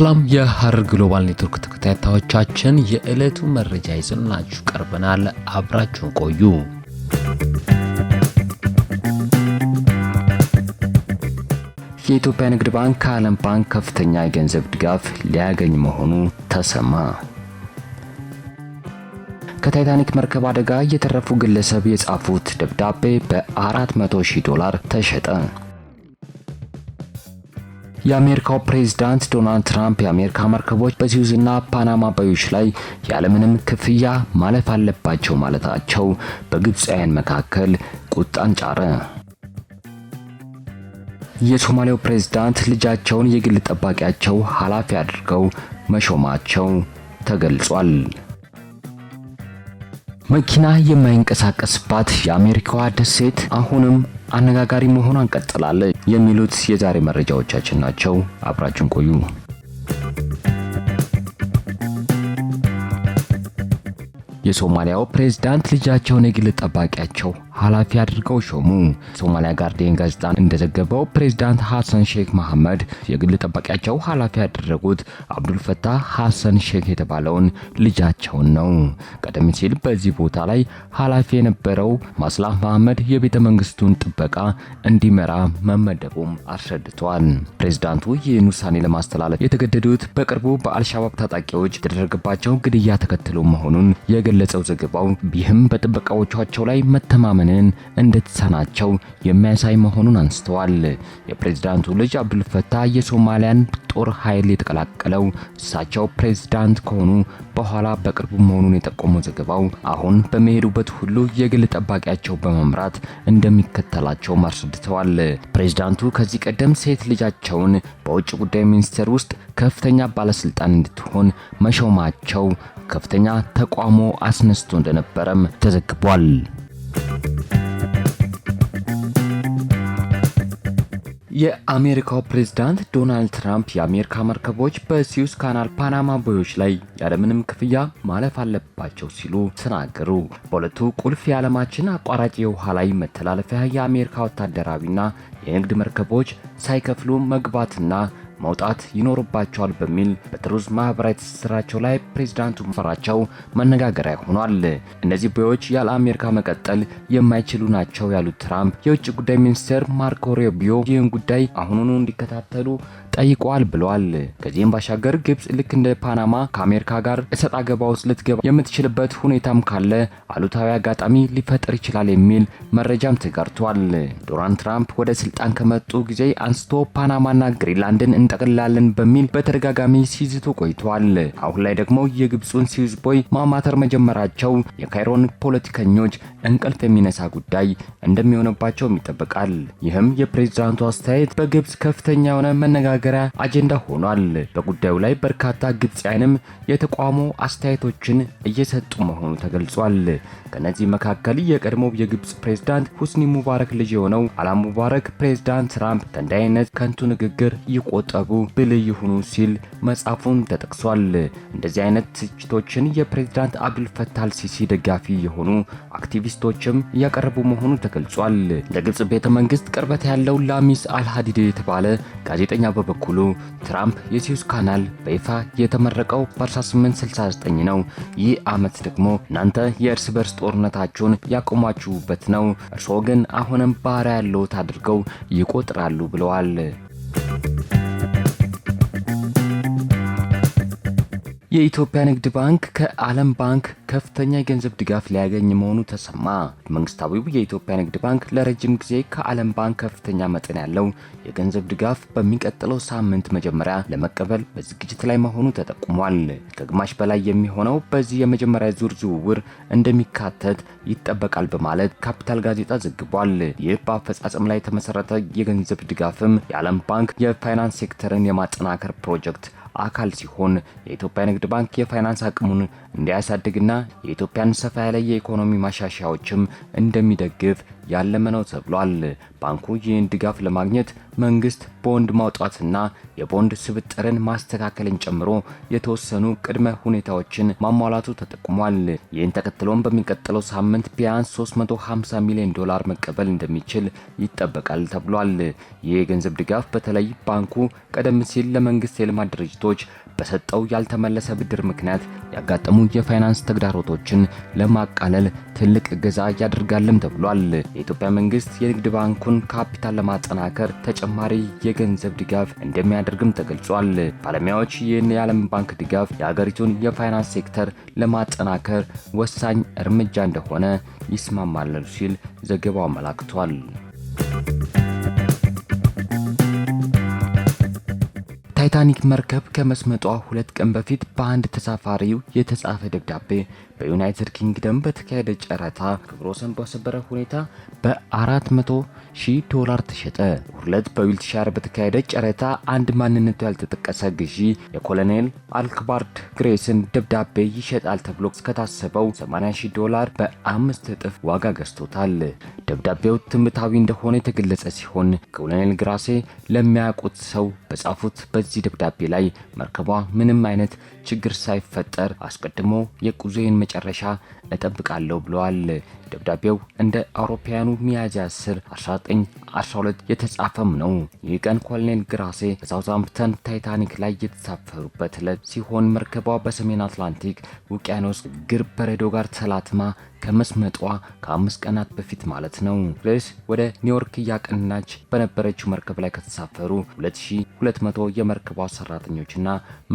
ሰላም የሐረር ግሎባል ኔትወርክ ተከታታዮቻችን የዕለቱ መረጃ ይዘንላችሁ ቀርበናል። አብራችሁን ቆዩ። የኢትዮጵያ ንግድ ባንክ ከዓለም ባንክ ከፍተኛ የገንዘብ ድጋፍ ሊያገኝ መሆኑ ተሰማ። ከታይታኒክ መርከብ አደጋ የተረፉ ግለሰብ የጻፉት ደብዳቤ በ400 ሺህ ዶላር ተሸጠ። የአሜሪካው ፕሬዝዳንት ዶናልድ ትራምፕ የአሜሪካ መርከቦች በስዊዝና ፓናማ ባዮች ላይ ያለምንም ክፍያ ማለፍ አለባቸው ማለታቸው በግብፃውያን መካከል ቁጣን ጫረ። የሶማሌው ፕሬዝዳንት ልጃቸውን የግል ጠባቂያቸው ኃላፊ አድርገው መሾማቸው ተገልጿል። መኪና የማይንቀሳቀስባት የአሜሪካዋ ደሴት አሁንም አነጋጋሪ መሆኗን ቀጥላለች የሚሉት የዛሬ መረጃዎቻችን ናቸው። አብራችን ቆዩ። የሶማሊያው ፕሬዝዳንት ልጃቸውን የግል ጠባቂያቸው ኃላፊ አድርገው ሾሙ። ሶማሊያ ጋርዲያን ጋዜጣ እንደዘገበው ፕሬዚዳንት ሐሰን ሼክ መሐመድ የግል ጠባቂያቸው ኃላፊ ያደረጉት አብዱልፈታህ ሐሰን ሼክ የተባለውን ልጃቸውን ነው። ቀደም ሲል በዚህ ቦታ ላይ ኃላፊ የነበረው ማስላፍ መሐመድ የቤተ መንግስቱን ጥበቃ እንዲመራ መመደቡም አስረድቷል። ፕሬዚዳንቱ ይህን ውሳኔ ለማስተላለፍ የተገደዱት በቅርቡ በአልሻባብ ታጣቂዎች የተደረገባቸው ግድያ ተከትሎ መሆኑን የገለጸው ዘገባው ይህም በጥበቃዎቻቸው ላይ መተማመን ማመንን እንደተሳናቸው የሚያሳይ መሆኑን አንስተዋል። የፕሬዝዳንቱ ልጅ አብዱልፈታ የሶማሊያን ጦር ኃይል የተቀላቀለው እሳቸው ፕሬዝዳንት ከሆኑ በኋላ በቅርቡ መሆኑን የጠቆመው ዘገባው አሁን በሚሄዱበት ሁሉ የግል ጠባቂያቸው በመምራት እንደሚከተላቸው አስረድተዋል። ፕሬዝዳንቱ ከዚህ ቀደም ሴት ልጃቸውን በውጭ ጉዳይ ሚኒስቴር ውስጥ ከፍተኛ ባለስልጣን እንድትሆን መሾማቸው ከፍተኛ ተቋሞ አስነስቶ እንደነበረም ተዘግቧል። የአሜሪካው ፕሬዝዳንት ዶናልድ ትራምፕ የአሜሪካ መርከቦች በሲዩስ ካናል ፓናማ ቦዮች ላይ ያለምንም ክፍያ ማለፍ አለባቸው ሲሉ ተናገሩ። በሁለቱ ቁልፍ የዓለማችን አቋራጭ የውሃ ላይ መተላለፊያ የአሜሪካ ወታደራዊና የንግድ መርከቦች ሳይከፍሉ መግባትና መውጣት ይኖርባቸዋል በሚል በትሩዝ ማህበራዊ ትስስራቸው ላይ ፕሬዚዳንቱ መፈራቸው መነጋገሪያ ሆኗል። እነዚህ ቦዮች ያለ አሜሪካ መቀጠል የማይችሉ ናቸው ያሉት ትራምፕ የውጭ ጉዳይ ሚኒስትር ማርኮ ሩቢዮ ይህን ጉዳይ አሁኑኑ እንዲከታተሉ ጠይቋል ብሏል። ከዚህም ባሻገር ግብጽ ልክ እንደ ፓናማ ከአሜሪካ ጋር እሰጥ አገባ ውስጥ ልትገባ የምትችልበት ሁኔታም ካለ አሉታዊ አጋጣሚ ሊፈጠር ይችላል የሚል መረጃም ተጋርቷል። ዶናልድ ትራምፕ ወደ ስልጣን ከመጡ ጊዜ አንስቶ ፓናማና ግሪንላንድን እንጠቅልላለን በሚል በተደጋጋሚ ሲዝቱ ቆይቷል። አሁን ላይ ደግሞ የግብፁን ስዊዝ ቦይ ማማተር መጀመራቸው የካይሮን ፖለቲከኞች እንቅልፍ የሚነሳ ጉዳይ እንደሚሆንባቸውም ይጠበቃል። ይህም የፕሬዝዳንቱ አስተያየት በግብጽ ከፍተኛ የሆነ መነጋገር መነጋገሪያ አጀንዳ ሆኗል። በጉዳዩ ላይ በርካታ ግብፃውያንም የተቋሙ አስተያየቶችን እየሰጡ መሆኑ ተገልጿል። ከነዚህ መካከል የቀድሞው የግብፅ ፕሬዝዳንት ሁስኒ ሙባረክ ልጅ የሆነው አላም ሙባረክ ፕሬዝዳንት ትራምፕ ከእንዲህ አይነት ከንቱ ንግግር ይቆጠቡ፣ ብልህ ይሁኑ ሲል መጻፉን ተጠቅሷል። እንደዚህ አይነት ትችቶችን የፕሬዝዳንት አብዱልፈታህ ሲሲ ደጋፊ የሆኑ አክቲቪስቶችም እያቀረቡ መሆኑ ተገልጿል። ለግልጽ ቤተ መንግስት ቅርበት ያለው ላሚስ አልሃዲድ የተባለ ጋዜጠኛ በበኩሉ ትራምፕ የሲዩስ ካናል በይፋ የተመረቀው በ1869 ነው። ይህ ዓመት ደግሞ እናንተ የእርስ በርስ ጦርነታችሁን ያቆማችሁበት ነው። እርስዎ ግን አሁንም ባህሪያ ያለዎት አድርገው ይቆጥራሉ ብለዋል። የኢትዮጵያ ንግድ ባንክ ከዓለም ባንክ ከፍተኛ የገንዘብ ድጋፍ ሊያገኝ መሆኑ ተሰማ። መንግስታዊው የኢትዮጵያ ንግድ ባንክ ለረጅም ጊዜ ከዓለም ባንክ ከፍተኛ መጠን ያለው የገንዘብ ድጋፍ በሚቀጥለው ሳምንት መጀመሪያ ለመቀበል በዝግጅት ላይ መሆኑ ተጠቁሟል። ከግማሽ በላይ የሚሆነው በዚህ የመጀመሪያ ዙር ዝውውር እንደሚካተት ይጠበቃል በማለት ካፒታል ጋዜጣ ዘግቧል። ይህ በአፈጻጸም ላይ የተመሰረተ የገንዘብ ድጋፍም የዓለም ባንክ የፋይናንስ ሴክተርን የማጠናከር ፕሮጀክት አካል ሲሆን የኢትዮጵያ ንግድ ባንክ የፋይናንስ አቅሙን እንዲያሳድግና የኢትዮጵያን ሰፋ ያለ የኢኮኖሚ ማሻሻያዎችም እንደሚደግፍ ያለመነው ተብሏል። ባንኩ ይህን ድጋፍ ለማግኘት መንግስት ቦንድ ማውጣትና የቦንድ ስብጥርን ማስተካከልን ጨምሮ የተወሰኑ ቅድመ ሁኔታዎችን ማሟላቱ ተጠቁሟል። ይህን ተከትሎም በሚቀጥለው ሳምንት ቢያንስ 350 ሚሊዮን ዶላር መቀበል እንደሚችል ይጠበቃል ተብሏል። ይህ የገንዘብ ድጋፍ በተለይ ባንኩ ቀደም ሲል ለመንግስት የልማት ድርጅቶች በሰጠው ያልተመለሰ ብድር ምክንያት ያጋጠሙ የፋይናንስ ተግዳሮቶችን ለማቃለል ትልቅ እገዛ ያደርጋልም ተብሏል። የኢትዮጵያ መንግስት የንግድ ባንኩን ካፒታል ለማጠናከር ተጨማሪ የገንዘብ ድጋፍ እንደሚያደርግም ተገልጿል። ባለሙያዎች ይህን የዓለም ባንክ ድጋፍ የሀገሪቱን የፋይናንስ ሴክተር ለማጠናከር ወሳኝ እርምጃ እንደሆነ ይስማማሉ ሲል ዘገባው አመላክቷል። ታይታኒክ መርከብ ከመስመጧ ሁለት ቀን በፊት በአንድ ተሳፋሪው የተጻፈ ደብዳቤ በዩናይትድ ኪንግደም በተካሄደ ጨረታ ክብረ ወሰን በሰበረ ሁኔታ በ400 ሺህ ዶላር ተሸጠ። ሁለት በዊልትሻር በተካሄደ ጨረታ አንድ ማንነቱ ያልተጠቀሰ ግዢ የኮሎኔል አልክባርድ ግሬስን ደብዳቤ ይሸጣል ተብሎ እስከታሰበው 80 ሺህ ዶላር በአምስት እጥፍ ዋጋ ገዝቶታል። ደብዳቤው ትምታዊ እንደሆነ የተገለጸ ሲሆን ኮሎኔል ግራሴ ለሚያውቁት ሰው በጻፉት በዚህ ደብዳቤ ላይ መርከቧ ምንም አይነት ችግር ሳይፈጠር አስቀድሞ የጉዞዬን መጨረሻ እጠብቃለሁ ብለዋል። ደብዳቤው እንደ አውሮፓውያኑ ሚያዝያ 10 1912 የተጻፈም ነው። ይህ ቀን ኮሎኔል ግራሴ በሳውዛምፕተን ታይታኒክ ላይ የተሳፈሩበት ዕለት ሲሆን መርከቧ በሰሜን አትላንቲክ ውቅያኖስ ግር በረዶ ጋር ተላትማ ከመስመጧ ከአምስት ቀናት በፊት ማለት ነው። ግሬስ ወደ ኒውዮርክ እያቀናች በነበረችው መርከብ ላይ ከተሳፈሩ 2200 የመርከቧ ሰራተኞችና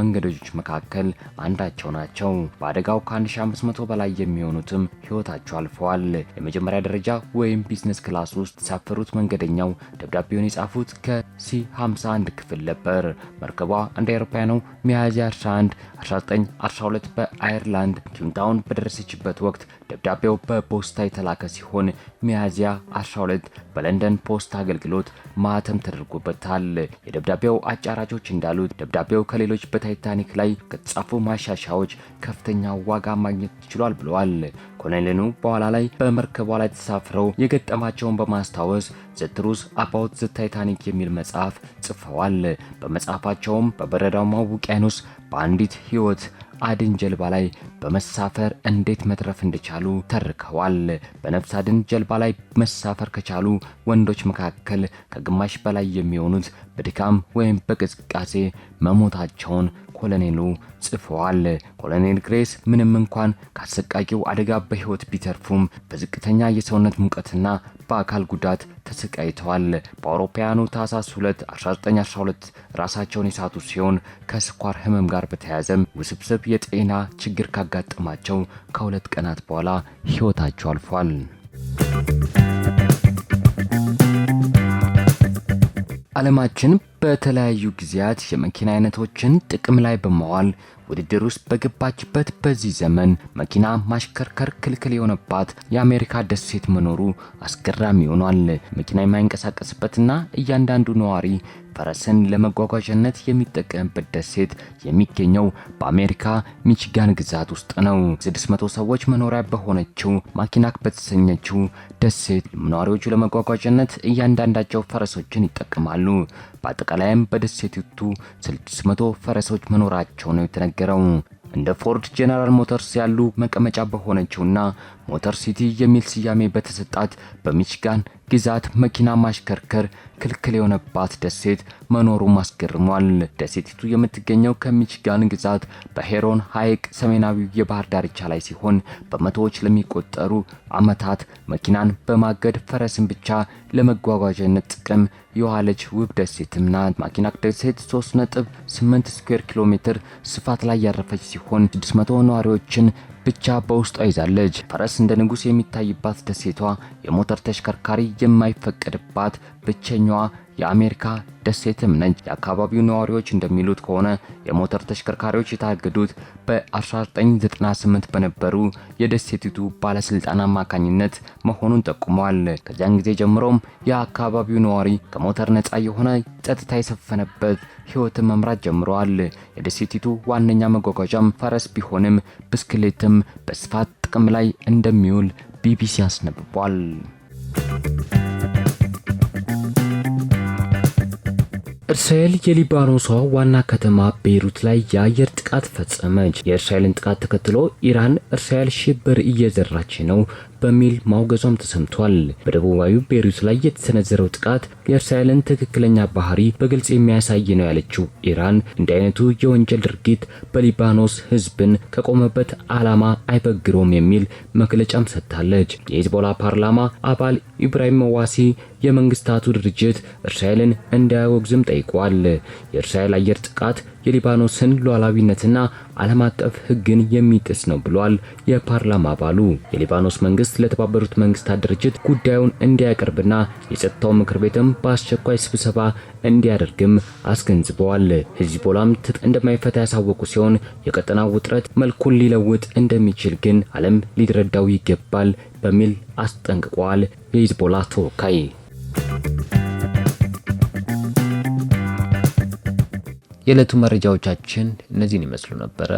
መንገደኞች መካከል አንዳቸው ናቸው። በአደጋው ከ1500 በላይ የሚሆኑትም ህይወታቸው አልፈዋል። ተናግረዋል። የመጀመሪያ ደረጃ ወይም ቢዝነስ ክላስ ውስጥ የተሳፈሩት መንገደኛው ደብዳቤውን የጻፉት ከሲ51 ክፍል ነበር። መርከቧ እንደ አውሮፓውያኑ ሚያዝያ 11 1912 በአየርላንድ ኪምታውን በደረሰችበት ወቅት ደብዳቤው በፖስታ የተላከ ሲሆን ሚያዝያ 12 በለንደን ፖስታ አገልግሎት ማተም ተደርጎበታል። የደብዳቤው አጫራቾች እንዳሉት ደብዳቤው ከሌሎች በታይታኒክ ላይ ከተጻፉ ማሻሻዎች ከፍተኛ ዋጋ ማግኘት ችሏል ብለዋል። ኮሎኔሉ በኋላ ላይ በመርከቧ ላይ ተሳፍረው የገጠማቸውን በማስታወስ ዘትሩስ አባውት ዘ ታይታኒክ የሚል መጽሐፍ ጽፈዋል። በመጽሐፋቸውም በበረዳማው ውቅያኖስ በአንዲት ህይወት አድን ጀልባ ላይ በመሳፈር እንዴት መትረፍ እንደቻሉ ተርከዋል። በነፍስ አድን ጀልባ ላይ መሳፈር ከቻሉ ወንዶች መካከል ከግማሽ በላይ የሚሆኑት በድካም ወይም በቅዝቃዜ መሞታቸውን ኮሎኔሉ ጽፈዋል። ኮሎኔል ግሬስ ምንም እንኳን ካሰቃቂው አደጋ በህይወት ቢተርፉም በዝቅተኛ የሰውነት ሙቀትና በአካል ጉዳት ተሰቃይተዋል። በአውሮፓውያኑ ታህሳስ 2 1912 ራሳቸውን የሳቱ ሲሆን ከስኳር ህመም ጋር በተያያዘም ውስብስብ የጤና ችግር ካጋጠማቸው ከሁለት ቀናት በኋላ ሕይወታቸው አልፏል። ዓለማችን በተለያዩ ጊዜያት የመኪና አይነቶችን ጥቅም ላይ በማዋል ውድድር ውስጥ በገባችበት በዚህ ዘመን መኪና ማሽከርከር ክልክል የሆነባት የአሜሪካ ደሴት መኖሩ አስገራሚ ሆኗል። መኪና የማይንቀሳቀስበትና እያንዳንዱ ነዋሪ ፈረስን ለመጓጓዣነት የሚጠቀምበት ደሴት የሚገኘው በአሜሪካ ሚችጋን ግዛት ውስጥ ነው። 600 ሰዎች መኖሪያ በሆነችው ማኪናክ በተሰኘችው ደሴት ነዋሪዎቹ ለመጓጓዣነት እያንዳንዳቸው ፈረሶችን ይጠቀማሉ። በአጠቃላይም በደሴቲቱ 600 ፈረሶች መኖራቸው ነው የተነገረው። እንደ ፎርድ ጄኔራል ሞተርስ ያሉ መቀመጫ በሆነችውና ሞተር ሲቲ የሚል ስያሜ በተሰጣት በሚችጋን ግዛት መኪና ማሽከርከር ክልክል የሆነባት ደሴት መኖሩ ማስገርሟል። ደሴቲቱ የምትገኘው ከሚችጋን ግዛት በሄሮን ሐይቅ ሰሜናዊ የባህር ዳርቻ ላይ ሲሆን በመቶዎች ለሚቆጠሩ ዓመታት መኪናን በማገድ ፈረስን ብቻ ለመጓጓዣነት ጥቅም የዋለች ውብ ደሴትም ናት። ማኪናክ ደሴት 3.8 ስኩዌር ኪሎ ሜትር ስፋት ላይ ያረፈች ሲሆን 600 ነዋሪዎችን ብቻ በውስጧ ይዛለች። ፈረስ እንደ ንጉሥ የሚታይባት ደሴቷ የሞተር ተሽከርካሪ የማይፈቀድባት ብቸኛዋ የአሜሪካ ደሴትም ነች። የአካባቢው ነዋሪዎች እንደሚሉት ከሆነ የሞተር ተሽከርካሪዎች የታገዱት በ1998 በነበሩ የደሴቲቱ ባለስልጣን አማካኝነት መሆኑን ጠቁመዋል። ከዚያን ጊዜ ጀምሮም የአካባቢው ነዋሪ ከሞተር ነፃ የሆነ ጸጥታ የሰፈነበት ህይወትን መምራት ጀምረዋል። የደሴቲቱ ዋነኛ መጓጓዣም ፈረስ ቢሆንም ብስክሌትም በስፋት ጥቅም ላይ እንደሚውል ቢቢሲ አስነብቧል። እስራኤል የሊባኖሷ ዋና ከተማ ቤይሩት ላይ የአየር ጥቃት ፈጸመች። የእስራኤልን ጥቃት ተከትሎ ኢራን እስራኤል ሽብር እየዘራች ነው፣ በሚል ማውገዟም ተሰምቷል። በደቡባዊ ቤሩት ላይ የተሰነዘረው ጥቃት የእስራኤልን ትክክለኛ ባህሪ በግልጽ የሚያሳይ ነው ያለችው ኢራን እንዲህ አይነቱ የወንጀል ድርጊት በሊባኖስ ህዝብን ከቆመበት ዓላማ አይበግሮም የሚል መግለጫም ሰጥታለች። የሂዝቦላ ፓርላማ አባል ኢብራሂም ዋሲ የመንግስታቱ ድርጅት እስራኤልን እንዳያወግዝም ጠይቋል። የእስራኤል አየር ጥቃት የሊባኖስን ሉዓላዊነትና ዓለም አቀፍ ሕግን የሚጥስ ነው ብሏል። የፓርላማ አባሉ የሊባኖስ መንግስት ለተባበሩት መንግስታት ድርጅት ጉዳዩን እንዲያቀርብና የጸጥታው ምክር ቤትም በአስቸኳይ ስብሰባ እንዲያደርግም አስገንዝበዋል። ሂዝቦላም ትጥቅ እንደማይፈታ ያሳወቁ ሲሆን የቀጠናው ውጥረት መልኩን ሊለውጥ እንደሚችል ግን ዓለም ሊረዳው ይገባል በሚል አስጠንቅቋል። የሂዝቦላ ተወካይ የዕለቱ መረጃዎቻችን እነዚህን ይመስሉ ነበረ።